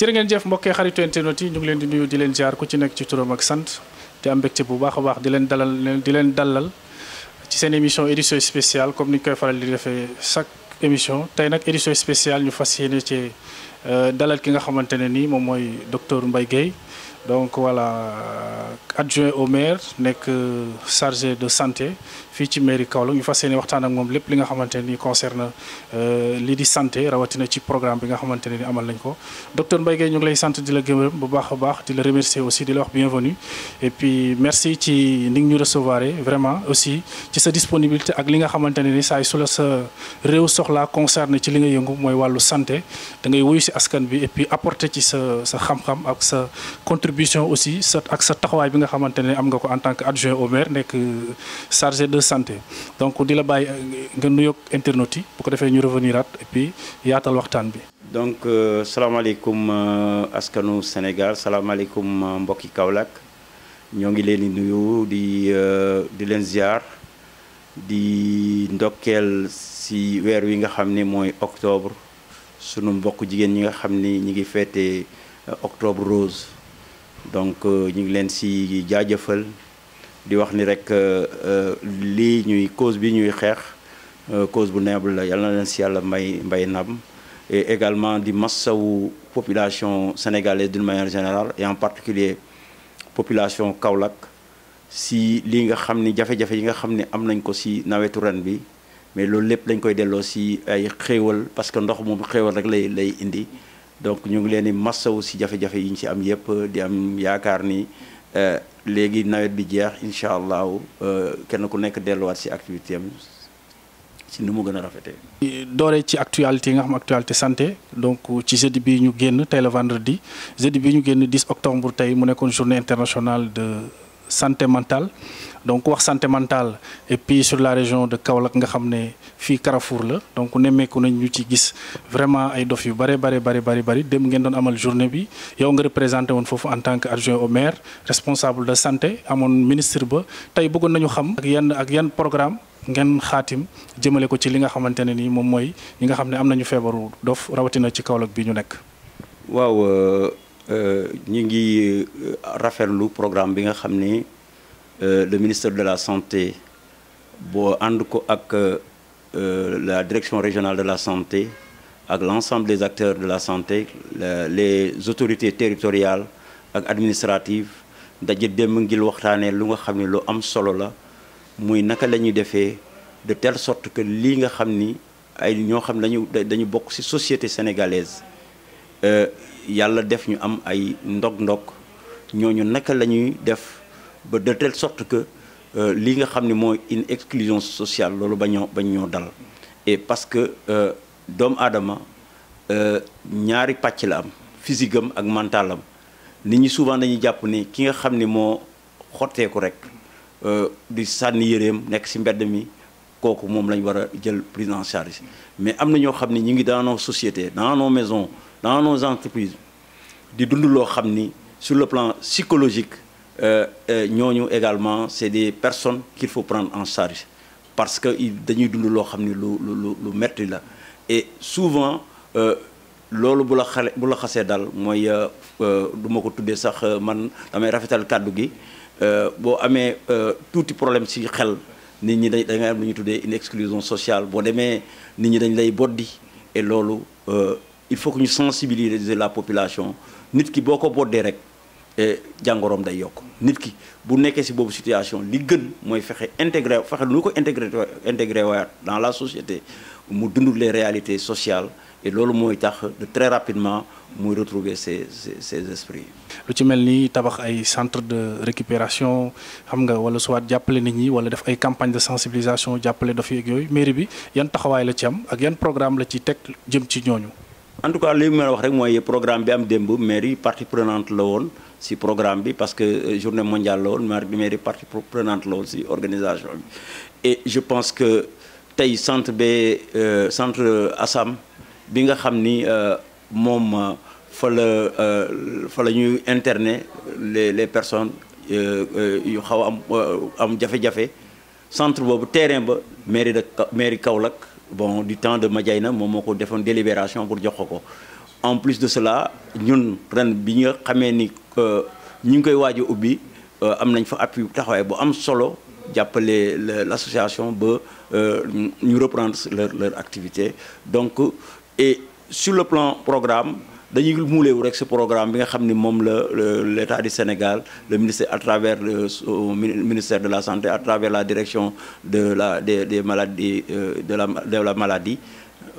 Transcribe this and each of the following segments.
jërë ngeen jëf mbokk xaritu internet yi ñu ngi leen di nuyu di leen jaar ko ci nekk ci turam ak sant te am mbégte bu baax a baax di leen dalal di leen dalal ci seen émission édition spéciale comme ni ñu koy faral di defee chaque émission tey nag édition spéciale ñu fas yéene ci euh, dalal ki nga xamante ne nii moom mooy docteur Mbaye Guèye donc wala euh, adjoint au maire nekk euh, chargé de santé fii ci mairie Kaolack ñu fas yéene waxtaan ak moom lépp li nga xamante ni concerne euh, lii di santé rawatina ci programme bi nga xamante ne ni amal nañ ko docteur lay sant di la gërëm bu baax a baax di la remercier aussi di la wax bienvenue et puis merci ci ni ñu recevoir vraiment aussi ci sa disponibilité ak li nga xamante ne ni saa su sa réew soxlaa concerne ci li nga yëngu mooy wàllu santé da ngay wuyu si askan bi et puis apporter ci sa sa xam ak sa contribution aussi sa ak sa taxawaay bi nga xamante ne am nga ko en tant que adjoint au maire nekk euh, chargé de santé donc di la bàyyi euh, nga nuyoog internautes yi bu ko defee ñu revenir at et yaatal waxtaan bi. donc euh, salaamaaleykum euh, askanu Sénégal salaamaaleykum mbokki Kaolack ñoo ngi leen di nuyu di di leen ziar di ndokkeel si weer wi nga xam ni mooy octobre sunu mbokk jigéen ñi nga xam ni ñi ngi feete octobre rose donc ñu ngi leen si jaajëfal. di wax ni rek euh, euh, lii ñuy cause bi ñuy xeex euh, cause bu noble la yàlla na leen si yàlla may mbay ndam et également di massawu population sénégalaise d'une manière générale en particulier population Kaolack si lii nga xam ni jafe-jafe yi nga xam ni am nañ ko si nawetu ren bi mais loolu lépp lañ koy delloo si ay xéewal parce que ndox moom xéewal rek lay lay indi donc ñu ngi leen di massawu si jafe-jafe yi ñu si am yëpp di am yaakaar ni léegi nawet bi jeex incha allahu euh, kenn ku nekk delluwaat si activité am si nu mu gën a rafetee. dooree ci actualité yi nga xam actualité santé donc ci jeudi bi ñu génn tey la vendredi jeudi bi ñu génn 10 octobre tey mu nekkoon journée internationale de santé mentale. donc wax santé mentale et puis sur la région de Kaolack nga xam ne fii Carrefour la donc nemmeeku nañ ñu ci gis vraiment ay dof yu bare bare bare bari dem ngeen doon amal journée bi yow nga représenté woon foofu en tant que adjoint au maire responsable de santé amoon ministre ba tey bëggoon nañu xam ak yan ak yan programme ngeen xaatim jëmale ko ci li nga xamante ne ni moom mooy ñi nga xam ne am nañu feebaru dof rawatina ci Kaolack bi ñu nekk waaw euh, euh, ñu ngi euh, rafetlu programme bi nga xam ni Euh, le ministère de la santé boo ànd ko ak euh, euh, la direction régionale de la santé ak l'ensemble des acteurs de la santé les autorités territoriales ak administratives daje démb ngir waxtaanee lu nga xam ni lu am solo la muy naka la ñuy defee de telle sorte que lii nga xam ni ay ñoo xam dañu dañu bokk ci société sénégalaise yàlla def ñu am ay ndog-ndog ñooñu naka la ñuy def. ba de telle sorte que euh, li nga xam ni mooy une exclusion sociale loolu ba ñoo bañ ñoo dal et parce que euh, doomu aadama euh, ñaari pàcc la am physique am ak mental am nit ñi souvent dañuy jàpp ni ki nga xam ni moo xotteeku rek di sànni yëreem nekk ci mbedd mi kooku moom lañ war a jël prise en mais am na ñoo xam ni ñu ngi dans nos sociétés dans nos maisons dans nos entreprises di dund loo xam ni sur le plan psychologique Euh, euh, ñooñu également c'est des personnes qu'il faut prendre en charge parce que dañuy dund loo xam ni lu lu lu metti la et souvent euh, loolu bu la xale bu la xasee daal mooy du ma ko tuddee sax man damay rafetal kàddu gi boo amee tuuti problème si xel nit ñi da ngay am lu ñuy tuddee une exclusion sociale boo demee nit ñi dañ lay boddi et loolu il faut que ñu sensibiliser la population nit ki boo ko boddee rek jàngoroom day yokk nit ki bu nekkee ci boobu situation li gën mooy fexe intégré fexe lu ko intégré intégré waat dans la société mu dund les réalité sociales et loolu mooy tax de très rapidement muy retrouver ses ses esprits. lu ci mel nii tabax ay centre de récupération xam nga wala soit jàppale nit ñi wala def ay campagne de sensibilisation jàppale dof yeeg yooyu mairie bi yan taxawaay la ci am ak yan programme la ci teg jëm ci ñooñu. en tout cas li mu wax rek mooy programme bi am démb mairie partie prenante la woon si programme bi parce que euh, journée mondiale la woon mairie partie prenante la woon si organisation bi. et je pense que tey centre be euh, centre Assam bi nga xam ni euh, moom fa la fa la ñuy interner les les personnes yu xaw am am jafe-jafe centre boobu terrain ba mairie de mairie Kaolack. bon du temps de na moom moo ko defoon délibération pour jox ko ko en plus de cela ñun ren bi nga xamee ni ñu ngi koy waaj a ubbi euh, am nañ fa appui taxawaay bu am solo jàppale l'association ba euh, ñu reprendre leur leur activité donc et sur le plan programme dañuy muuleewu rek si programme bi nga xam ni moom la l' état du Sénégal le ministère à travers le euh, ministère de la santé à travers la direction de la des des maladies euh, de la de la maladie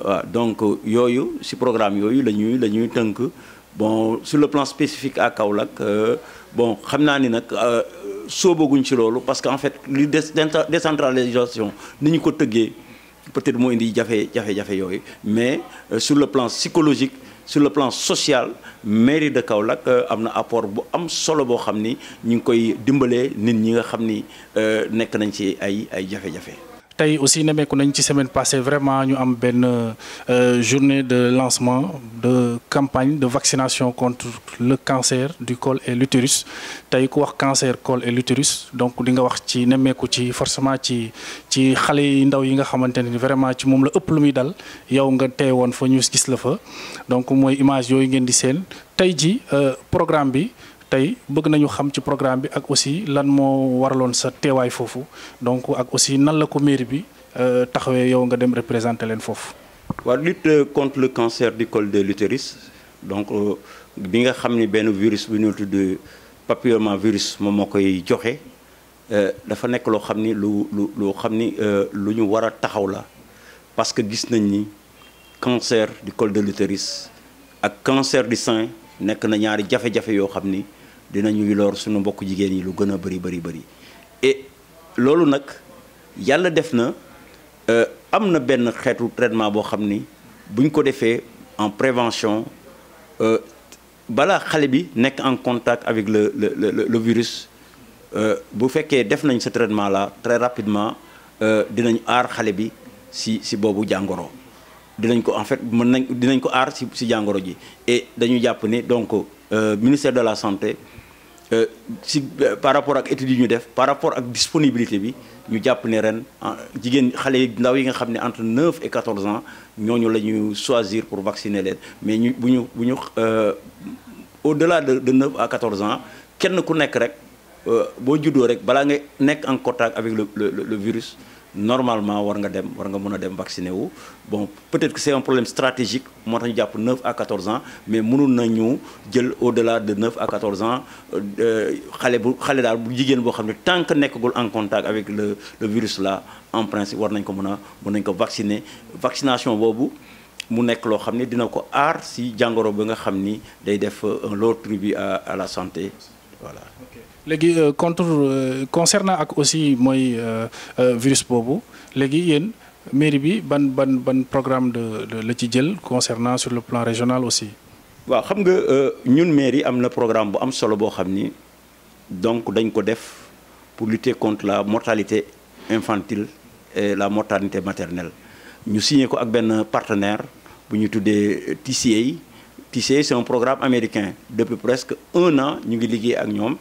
waaw donc euh, yooyu si programme yooyu la ñuy tënk bon sur le plan spécifique à Kaolack bon xam naa ni nag soobaguñ ci loolu parce que en fait li décentralisation ni ñu ko tëggee peut-être moo indi jafe jafe-jafe yooyu mais sur le plan psychologique sur le plan social mairie de Kaolack euh, am na apport bu am solo boo xam ni ñu ngi koy dimbalee nit ñi nga xam ni euh, nekk nañ ci ay ay jafe-jafe. tey aussi nemmeeku nañ ci semaine passée vraiment ñu am benn euh, journée de lancement de campagne de vaccination contre le cancer du col et l'utérus tey ku wax cancer col et l'utérus donc di nga wax ci nemmeeku ci forcément ci ci xale yi ndaw yi nga xamante ne vraiment ci moom la ëpp lu muy dal yow nga woon fa ñu gis la fa donc mooy image yooyu ngeen di seen tey ji euh, programme bi tey bëgg nañu xam ci programme bi ak aussi lan moo waraloon sa teewaay foofu donc ak aussi nan la ko mairie bi euh, taxawee yow nga dem représenter leen foofu. waa lutte contre le cancer du col de l'utérus donc euh, bi nga xam ni benn virus bu ñu tudd papillomavirus moom moo koy joxe euh, dafa nekk loo xam ni lu lu loo xam ni lu ñu war a taxaw la parce que gis nañ ni cancer du cole de l'utérus ak cancer du sein. nekk na ñaari jafe-jafe yoo xam ni dinañuy lor suñu mbokk jigéen yi lu gën a bëri bëri bëri et loolu nag yàlla def na euh, am na benn xeetu traitement boo xam ni buñ ko defee en prévention euh, balaa xale bi nekk en contact avec le le le le virus euh, bu fekkee def nañ ce traitement là très rapidement dinañ aar xale bi si si boobu jàngoro. dinañ ko en fait mën nañ dinañ ko aar si si jàngoro ji et dañu jàpp ne donc euh, ministère de la santé si euh, euh, par rapport ak études yi ñu def par rapport ak disponibilité bi ñu jàpp ne ren jigéen xale ndaw yi nga xam ne entre 9 et 14 ans ñooñu la ñu choisir pour vacciner leen mais ñu bu ñu bu ñu au-delà de de 9 à 14 ans kenn ku nekk rek boo juddoo rek balaa nga nekk en contact avec le le le virus. normalement war nga dem war nga mun a dem vacciné wu bon peut-être que c'est un problème stratégique moo tax ñu jàpp 9 à 14 ans mais mënul nañu jël au-delà de 9 à 14 ans euh, xale bu xale daal bu jigéen boo xam ne tant que nekkagul en contact avec le le virus la en principe war nañ ko mën a mën nañ ko vacciner vaccination boobu mu nekk loo xam ne dina ko aar si jàngoro bi nga xam ni day def un lourd tribut à à la santé voilà. léegi euh, contre euh, concernant ak aussi mooy euh, virus boobu léegi yéen mairie bi ban ban ban programme de la ci jël concernant sur le plan régional aussi. waaw xam nga ñun mairie am na programme bu am solo boo xam ni donc dañ ko def pour lutter contre la mortalité infantile e la mortalité maternelle ñu signé ko ak benn partenaire bu ñu tuddee TCA TCA c'est un programme américain depuis presque un an ñu ngi liggéey ak ñoom.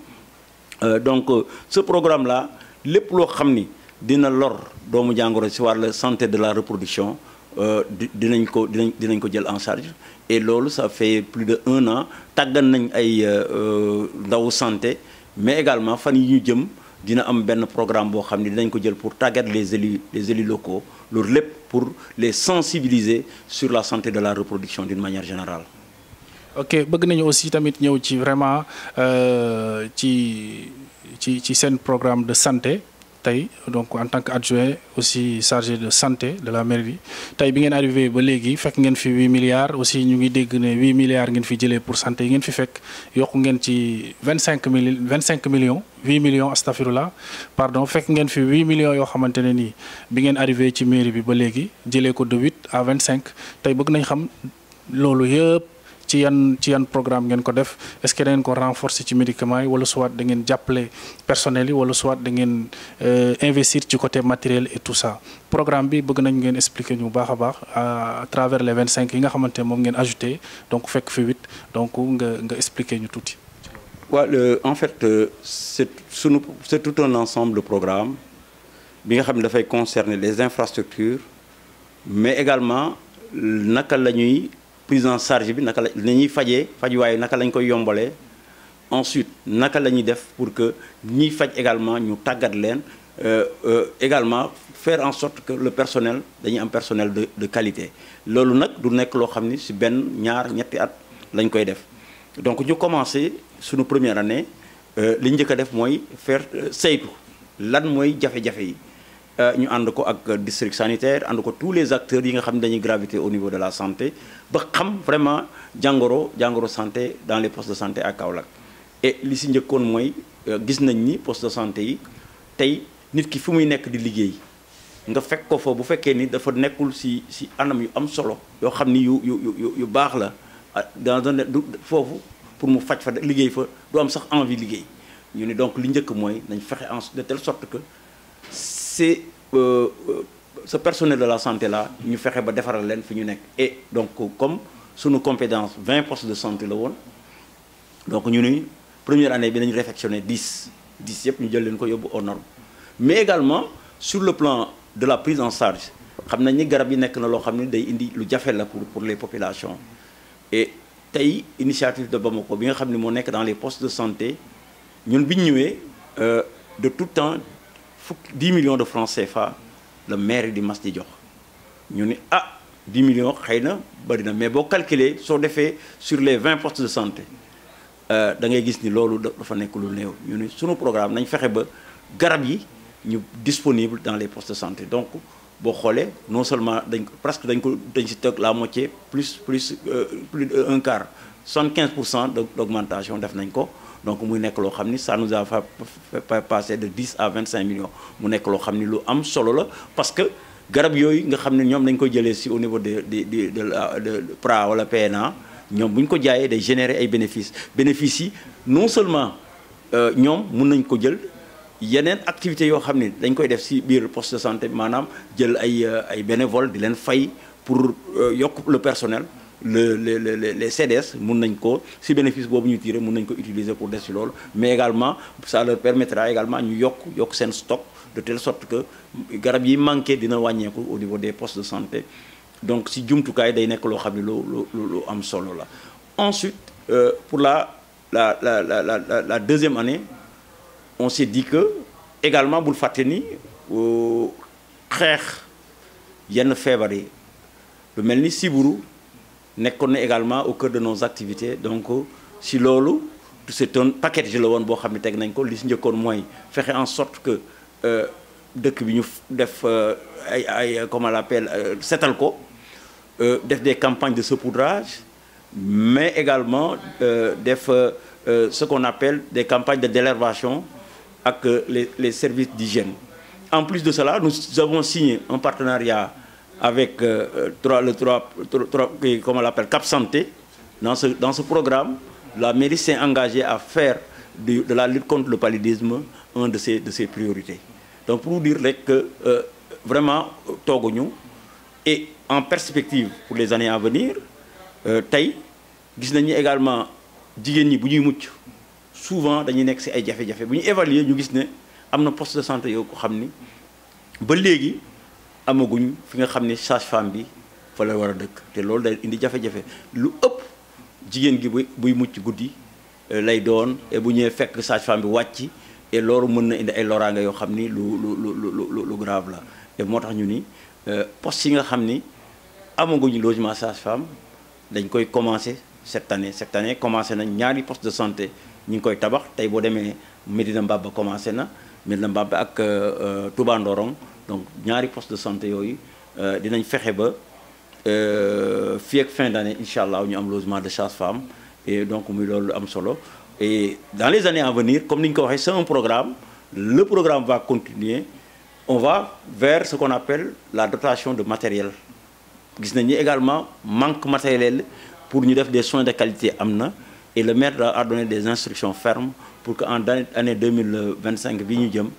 Euh, donc euh, ce programme là lépp loo xam ni dina lor doomu jàngoro ci wàllu santé de la reproduction euh, dinañ ko dinañ dinañ ko jël en charge et loolu sa fait plus de un an tàggat nañ ay ndawu santé mais également fan yi ñu jëm dina am benn programme boo xam ne dinañ ko jël pour tàggat les élus les élus locaux loolu lépp pour les sensibiliser sur la santé de la reproduction d'une manière générale ok bëgg nañu aussi tamit ñëw ci vraiment euh, ci ci ci seen programme de santé tey donc en tant que adjoint aussi chargé de santé de la maire bi tey bi ngeen arrivé ba léegi fekk ngeen fi huit milliards aussi ñu ngi dégg ne huit milliards ngeen fi jëlee pour santé yi ngeen fi fekk yokku ngeen ci vingt cinq mille vingt cinq millions huit millions astafirullah pardon fekk ngeen fi huit millions yoo xamante ne nii bi ngeen arrivé ci mairie bi ba léegi jële ko de huit à vingt cinq tey bëgg nañ xam loolu yëpp. ci yan ci programme ngeen ko def est-ce que da ngeen ko renforcer ci médicaments yi wala soit da ngeen jàppale personnel yi wala soit da ngeen euh, investir ci côté matériel et tout ça programme bi bëgg nañ ngeen expliquer ñu baax a baax à travers les vingt cinq yi nga xamante ne moom ngeen ajouté donc fekk fi huit donc nga nga expliquer ñu tuuti. waa en fait euh, c'est sunu c'est tout un ensemble de programme bi nga xam ne dafay concerner les infrastructures mais également naka la ñuy. prise en charge bi naka la li ñuy fajee fajuwaay naka lañ koy yombalee ensuite naka lañuy def pour que ñiy faj également ñu tàggat leen euh, euh, également fair en sorte que le personnel dañuy am personnel de de qualité loolu nag du nekk loo xam ni ci benn ñaar ñetti at lañ koy def donc ñu commencé suñu première année euh, li njëkk a def mooy faire saytu lan mooy jafe-jafe yi Euh, ñu ànd ko ak district sanitaire ànd ko tous les acteurs yi nga xam ne dañuy gravité au niveau de la santé ba xam vraiment jàngoro jàngoro santé dans les postes de santé ak Kaolack et li si njëkkoon mooy euh, gis nañ ni poste de santé yi tey nit ki fu muy nekk di liggéey nga fekk ko fa bu fekkee ni dafa nekkul si si anam yu am solo yoo xam ni yu yu yu yu baax la ah, dans un foofu pour mu faj fa liggéey fa du am sax envie liggéey ñu ni donc li njëkk mooy nañ fexe en de telle sorte que c'est euh, euh, ce personnel de la santé la ñu fexe ba defaral leen fi ñu nekk et donc comme sunu compétence 20 postes de santé la woon donc ñu ni première année bi nañu réfectionné 10 10 yëpp ñu jël leen ko yóbbu aux normes mais également sur le plan de la prise en charge xam nañ ni garab yi nekk na loo xam ne day indi lu jafe la pour pour les populations et tey initiative de Bamako bi nga xam ne moo nekk dans les postes de santé ñun bi ñu ñëwee euh, de tout temps fukk dix millions de francs CFA la maire di mas di jox ñu ni ah 10 millions xëy na bëri na mais boo calculer soo defee sur les 20 postes de santé euh, da ngay gis ni loolu dafa nekk lu néew ñu ni sunu programme nañ fexe ba garab yi ñu disponible dans les postes de santé donc boo xoolee non seulement dañ ko presque dañ ko dañ si toog la moitié plus plus euh, plus d'un euh, quart quinze pour cent d'augmentation def nañ ko donc muy nekk loo xam ni ça nous a fait passer de 10 à 25 millions mu nekk loo xam ni lu am solo la parce que garab yooyu nga xam ne ñoom dañ ko jëlee si au niveau de de de de PRA wala PNA ñoom bu ñu ko jaayee day générer ay bénéfices bénéfices yi non seulement euh, ñoom mun nañ ko jël yeneen activités yoo xam ne dañ koy def si biir poste de santé maanaam jël ay euh, ay bénévole di leen fay pour euh, yokk le personnel le le le les CDS mun nañ ko si bénéfice boobu ñu tiré mun nañ ko utiliser pour des ci loolu mais également ça leur permettra également ñu yokk yokk seen stock de telle sorte que garab yi manqué dina wàññeeku au niveau des postes de santé donc si jumtukaay day nekk loo xam ne lu lu am solo la. ensuite euh, pour la la la la la la deuxième année on s'est di que également bul fàtte ni euh, xeex yenn feebar yi lu mel ni siburu. nekkoon na également au cœur de nos activités donc si loolu c'est un package la woon boo xam ne teg ko li si njëkkoon mooy fexe en sorte que euh, dëkk bi ñu def euh, ay ay comment on euh, setal ko def des campagnes de saupoudrage mais également def ce qu'on des campagnes de délervation ak les les services d'hygiène en plus de cela nous avons signé un partenariat avec euh, trois, le 3, comment on l'appelle, Cap Santé, dans ce, dans ce programme, la mairie s'est engagée à faire de, de, la lutte contre le paludisme une de ses, de ses priorités. Donc pour vous dire que euh, vraiment, Togognou et en perspective pour les années à venir, euh, tey gis ñu également jigéen ñi bu ñuy mucc souvent dañuy nekk si ay jafe-jafe bu ñu évaluer ñu gis ne am na poste de santé yow ko xam ni ba léegi amaguñ fi nga xam ne sage bi fa la war a dëkk te loolu day indi jafe-jafe lu ëpp jigéen gi buy mucc guddi euh, lay doon bu ñëwee fekk sage bi wàcc et loolu mën na indi ay loraanga yoo xam ni lu lu lu lu lu grave la et moo tax ñu ni euh, poste yi nga xam ni amaguñ logement sage-femme dañ koy commencer cette année cette année commencé nañ ñaari poste de santé ñu ngi koy tabax tey boo demee Medina Mbaba commencé na Medina Mbaba ak euh, Touba Ndorong donc ñaari poste de santé yooyu euh, dinañ fexe ba euh, fii ak fin d' année incha allah ñu am losement de chasse femme et donc muy loolu am solo et dans les années à venir comme ni ñu ko waxee c' est un programme le programme va continuer on va vers ce qu'on appelle la dotation de matériel gis nañ ni également manque matériel pour ñu def des soins de qualité am na et le maire a donné des instructions fermes pour que en année 2025 bi ñu jëm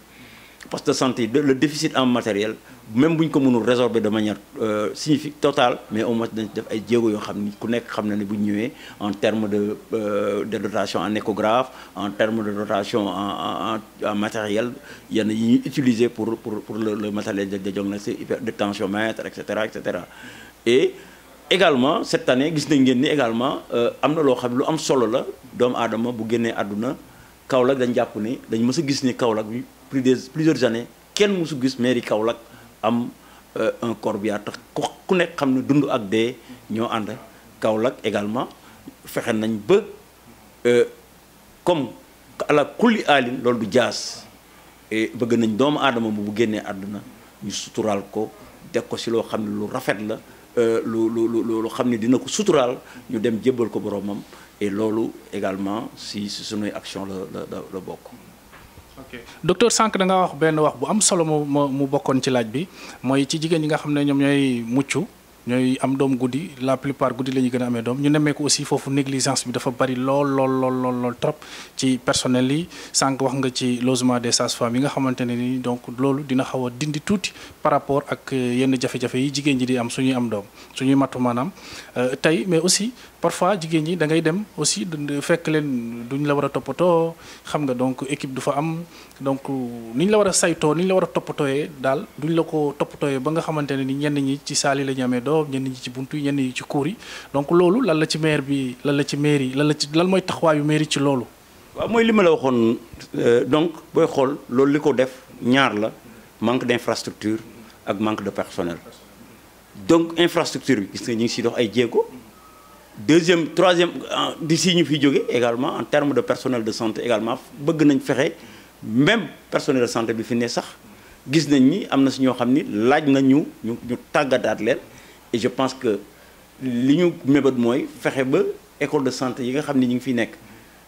poste de santé le déficit en matériel même buñ ko mënul résorber de manière euh, significative totale mais au moins dañ def ay jéego yoo xam ni ku nekk xam na ne bu ñu ñëwee en terme de euh, de dotation en échographe en terme de dotation en en en matériel yenn yi ñuy utiliser pour pour pour le le matériel de diagnostic de tensiomètre et cetera et cetera et également cette année gis nañ ngeen ni également euh, am na loo xam lu am solo la doom aadama bu génnee àdduna Kaolack dañ jàpp ni dañ mës a gis ni Kaolack bi plus de plusieurs années kenn mosu gis mairie Kaolack am euh, un corbillard tax ku nekk xam ne dund ak dee ñoo ànd Kaolack également fexe nañ ba euh, comme ala kulli aalin loolu du jaas bëgg nañ doomu aadama bu génnee àdduna ñu suturaal ko deg ko si loo xam ne lu rafet la euh, lu lu lu lu xam ne dina ko suturaal ñu dem jébbal ko boromam et loolu également si si sunuy action la la la bokk ok docteur Sànq da nga wax benn wax bu am solo mu mu bokkoon ci laaj bi mooy ci jigéen ñi nga xam ne ñoom ñooy mucc ñooy am doom guddi la plupart guddi la ñu gën a amee doom ñu nemmeeku aussi foofu négligence bi dafa bari lool lool lool lool lool trop ci personnel yi sànq wax nga ci logement de sages-femmes yi nga xamante ne ni donc loolu dina xaw a dindi tuuti par rapport ak euh, yenn jafe-jafe yi jigéen ji di am suñuy am doom suñuy matu maanaam euh, tey mais aussi parfois jigéen ñi dangay dem aussi fekk leen duñ la war a toppatoo xam nga donc équipe du fa am donc ni la war a saytoo ni la war a toppatooyee daal duñ la ko toppatooyee ba nga xamante ne ni ñenn ñi ci saali la amee doom ñenn ñi ci buntu yi ñenn ñi ci cour yi donc loolu lan la ci maire bi lan la ci maire yi lan la ci lan mooy taxawaayu maire yi ci loolu. waaw mooy li ma waxoon euh, donc booy xool loolu li ko def ñaar la manque d'infrastructure ak manque de personnel donc infrastructure bi gis nga ñu ngi siy dox ay jéego. deuxième troisième euh, d'ici ñu fi jóge également en terme de personnel de santé également bëgg nañ fexe même personnel de santé bi fi ne sax gis nañ ni am na si ñoo xam ni laaj na ñu ñu ñu tàggataat leen et je pense que li ñu mébét mooy fexe ba école de santé yi nga xam ni ñu ngi fi nekk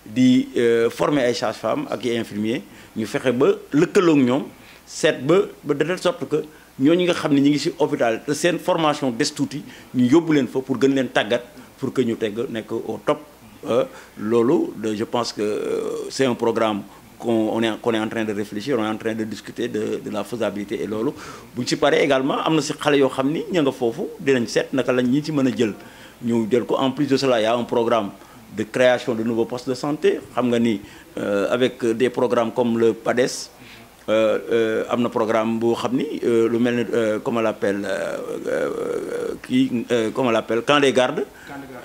di euh, former ay sages-femmes ak infirmier ñu fexe ba lëkkalook ñoom seet ba ba de telle sorte ñoo ñooñu nga xam ne ñu ngi si hôpital te seen formation des tuuti ñu yóbbu leen fa gën leen tàggat pour que ñu teg nekk au top euh, loolu de je pense que euh, c'est un programme kon on est qu'on en train de réfléchir on est en train de discuter de de la faisabilité et loolu bu ñu si paree également am na si xale yoo xam ni ña nga foofu dinañ seet naka lañ ñi ci mën a jël ñu jël ko en plus de cela il y un programme de création de nouveaux postes de santé xam nga ni euh, avec des programmes comme le PADES Euh, euh, am na programme boo xam ni euh, lu mel ni comme on l'appelle kii comment on l'appelle camp des gardes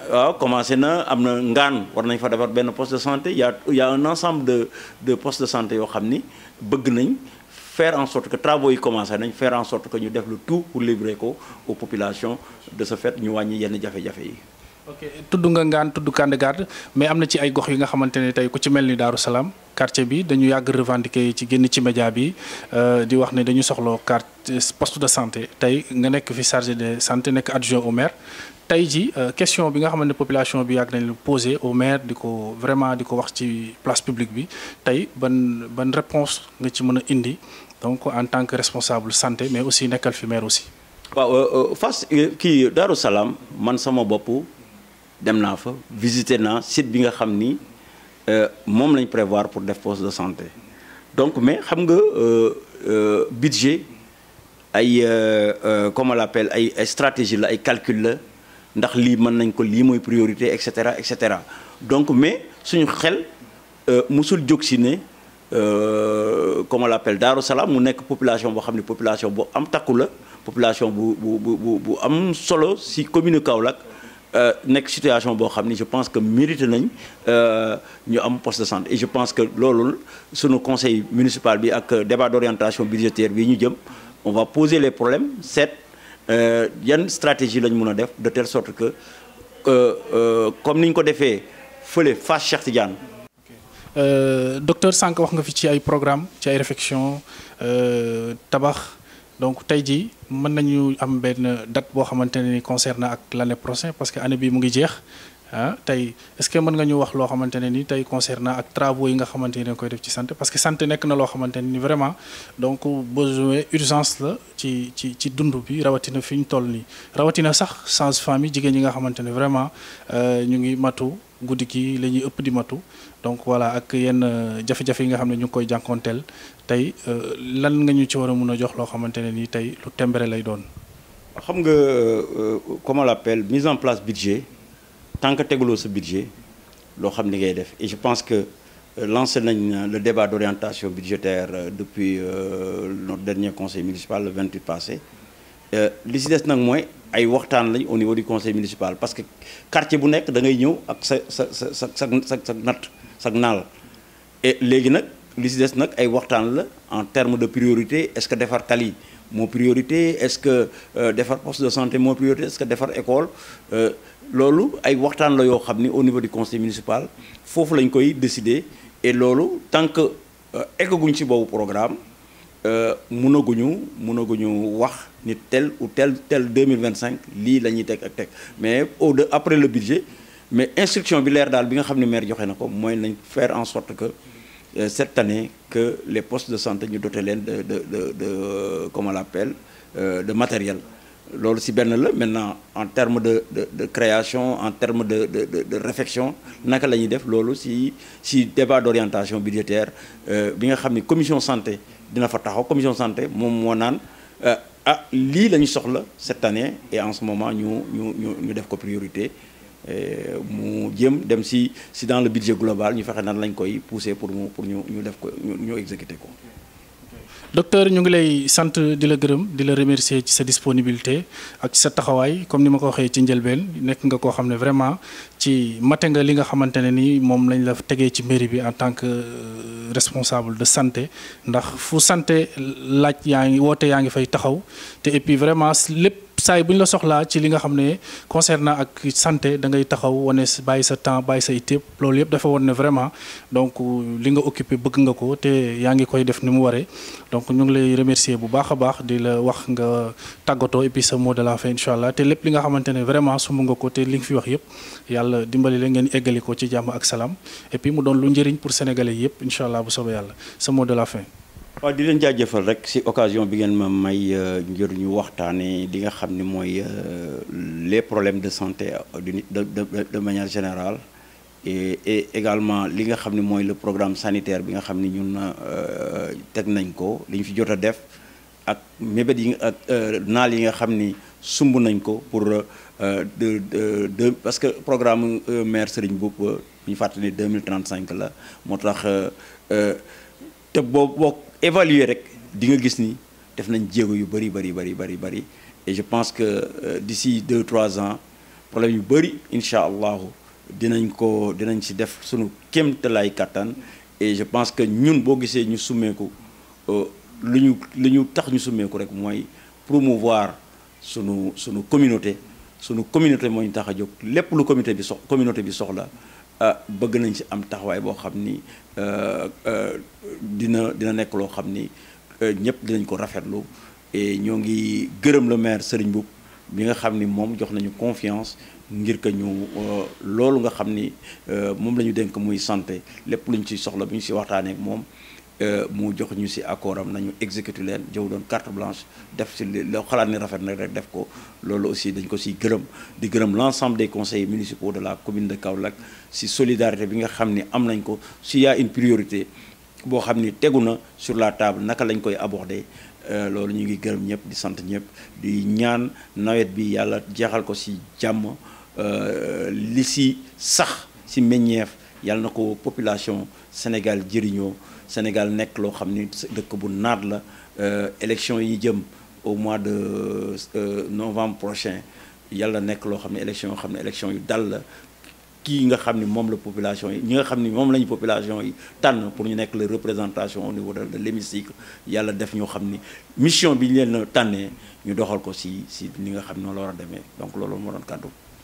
waaw commencé na am na ngaan war nañ fa defar benn poste de santé yaa a y a ensemble de de postes de santé yoo xam ni bëgg nañ faire en sort que travaux yi commencé nañ faire en sorte que ñu def le tout pour livrer ko aux populations de ce fait ñu wàññi yenn jafe-jafe yi ok tudd nga ngaan tudd Kandagard mais am na ci ay gox yi nga xamante ne tey ku ci mel ni Daaru Salaam quartier bi dañu yàgg revendiquer ci génn ci média bi euh, di wax ne dañu soxloo quartier poste de santé tey nga nekk fi chargé de santé nekk adjoint au maire tey ji euh, question bi nga xamante ne population bi yàgg nañu posé au maire di ko vraiment di ko wax ci place publique bi tey ban ban réponse nga ci mën a indi donc en tant que responsable santé mais aussi nekkal fi maire waaw euh, face kii Daaru Salaam man sama bopp dem naa fa visité naa site bi nga xam ni euh, moom lañ prévoir pour def poste de santé donc mais xam nga euh, euh, budget ay comment on l'appelle ay ay stratégie la ay calcul la ndax lii mën nañ ko lii mooy priorité et cetera et cetera donc mais suñu xel mosul jóg ne comment on l'appelle Daaru Salaam mu nekk population boo xam ne population bu am takku la population bu bu bu bu am solo si commune Kaolack Euh, nekk situation boo xam ni je pense que mérité nañ euh, ñu am poste de santé et je pense que loolu sunu conseil municipal bi ak débat d'orientation budgétaire bi ñu jëm on va poser les problèmes seet euh, yan stratégie lañ mun a def de telle sorte que comme ni ñu ko defee fële face Cheikh Tidiane. docteur Sànq wax nga fi ci ay programme ci ay réflexion tabax. donc tey jii mën nañu am benn date boo xamante ne ni concerne ak l'année prochaine parce que année bii mu ngi jeex ah tey est-ce que mën nga ñu wax loo xamante ne ni tey concerne ak travaux yi nga xamante ni dañ koy def ci santé parce que santé nekk na loo xamante ni vraiment donc besoin urgence la ci ci ci dund bi rawatina fi ñu toll nii rawatina sax sans famille jigéen ñi nga xamante ne vraiment euh, ñu ngi matu. guddi kii la ñuy ëpp di matu donc voilà ak yenn euh, jafe-jafe yi nga xam ne ñu koy jànkonteel tey euh, lan nga ñu ci war a mun a jox loo xamante ne nii tey lu tembere lay doon. xam nga euh, comment la l'appelle mise en place budget tant que tegaloo sa budget loo xam ni ngay def et je pense que lancer nañ le débat d'orientation budgétaire depuis notre dernier conseil municipal le 28 passé. Euh, li si des nag mooy ay waxtaan lañ au niveau du conseil municipal parce que quartier bu nekk dangay ñëw ak sa sa sa sa sa sa sa natt sa naal léegi nag li si des nag ay waxtaan la en terme de priorité est-ce que defar tali moo priorité est-ce que euh, defar poste de moo priorité est que defar école euh, loolu ay waxtaan la yoo xam ni au niveau du conseil municipal foofu lañ koy décider et loolu tant que eggaguñ si boobu programme mënaguñu mënaguñu wax ni tel ou tel tel 2025 lii la ñuy teg ak teg mais au de après le budget mais instruction bi leer daal bi nga xam ne maire joxe na ko mooy nañ faire en sorte que euh, cette année que les postes de santé ñu doté leen de de de de comment on euh, de matériel loolu si benn la maintenant en terme de de création en terme de de de de naka la ñuy def loolu si si débat d'orientation budgétaire euh, bi nga xam ni commission santé dina fa taxaw commission santé moom moo naan. ah lii lañuy soxla cette année et en ce moment ñu ñu ñu ñu def ko priorité euh, mu jëm dem si si dans le budget global ñu fexe nan lañ koy pousser pour mu pour ñu ñu def ko ñu ñu ko docteur ñu ngi lay sant di la gërëm di la remercier ci sa disponibilité ak ci sa taxawaay comme ni ma ko waxee ci njëlbeen nekk nga koo xam ne vraiment ci mate nga li nga xamante ne ni moom lañ la tegee ci mairie bi en tant que euh, responsable de santé ndax fu santé laaj yaa ngi woote yaa ngi fay taxaw te et puis vraiment lépp. saa yi ñu la soxlaa ci li nga xam ne concernant ak santé da ngay taxaw wane bàyyi sa temps bàyyi sa itépp loolu yëpp dafa woon ne vraiment donc li nga occupé bëgg nga ko te yaa ngi koy def ni mu waree donc ñu ngi lay remercier bu baax a baax di la wax nga tàggatoo et puis sa mot de la fin incha allah te lép li nga xamante ne vraiment sumb nga ko te li nga fi wax yëpp yàlla dimbali la ngeen eggali ko ci jàmm ak salaam et puis mu doon lu njëriñ pour sénégalais yëpp incha allah bu soobee yàlla sa mot la fin. waaw di leen jëfal rek si occasion bi ngeen ma may euh, ngir ñu waxtaanee li nga xam ni mooy euh, les problèmes de santé euh, de de de manière générale et également li nga xam ni mooy le programme sanitaire bi nga xam ni ñun teg nañ ko li ñu fi jot a def ak mébét yi ak naal yi nga xam ni sumb nañ ko pour de de parce que programme maire Serigne Mboup ñu fàttali 2035 la moo tax te boo bokk évaluer rek di nga gis ni def nañ jéego yu bëri bëri bëri bëri bëri je pense que euh, d'ici deux trois ans problème yu bëri incha allahu dinañ ko dinañ si def sunu kéemtalaay kattan et je pense que ñun boo gisee ñu summeeku euh, lu ñu lu ñu tax ñu summeeku rek mooy promouvoir sunu sunu communauté sunu communauté mooñ tax a jóg lépp lu communauté bi sox communauté bi soxla Ah, bëgg nañ ci am taxawaay boo xam ni euh, euh, dina dina nekk loo xam ni euh, ñëpp dinañ ko rafetlu e ñoo ngi gërëm le maire Serigne Mboup bi nga xam ni moom jox nañu confiance ngir que ñu loolu nga xam ni moom la ñu dénk muy santé lépp luñ ñu soxla bu ñu si waxtaanee ak moom. Euh, mu jox ñu si accord nañu exécuté leen jëw doon carte blanche def si li loo xalaat ni rafet nag rek def ko loolu aussi dañ ko si gërëm di gërëm l'ensemble des conseillers municipaux de la commune de Kaolack si solidarité bi nga xam ni am nañ ko s'il y une priorité boo xam ni tegu na sur la table naka lañ koy aborder euh, loolu ñu ngi gërëm ñëpp di sant ñëpp di ñaan nawet bi yàlla jeexal ko si jàmm euh, li si sax si meññeef yàlla na ko population Sénégal jëriñoo Sénégal nekk loo xam ni dëkk bu naat la euh, élection yi jëm au mois de euh, novembre prochain yàlla nekk loo xam ne élection yoo xam ne élection yu dal la kii nga xam ni moom la population yi ñi nga xam ni moom lañu population yi tànn pour ñu nekk la représentation au niveau de l'hémicycle yàlla def ñoo xam ni mission bi ñu leen tànnee ñu doxal ko si si li nga xam ne noonu la war a demee donc loolu moo doon kàddu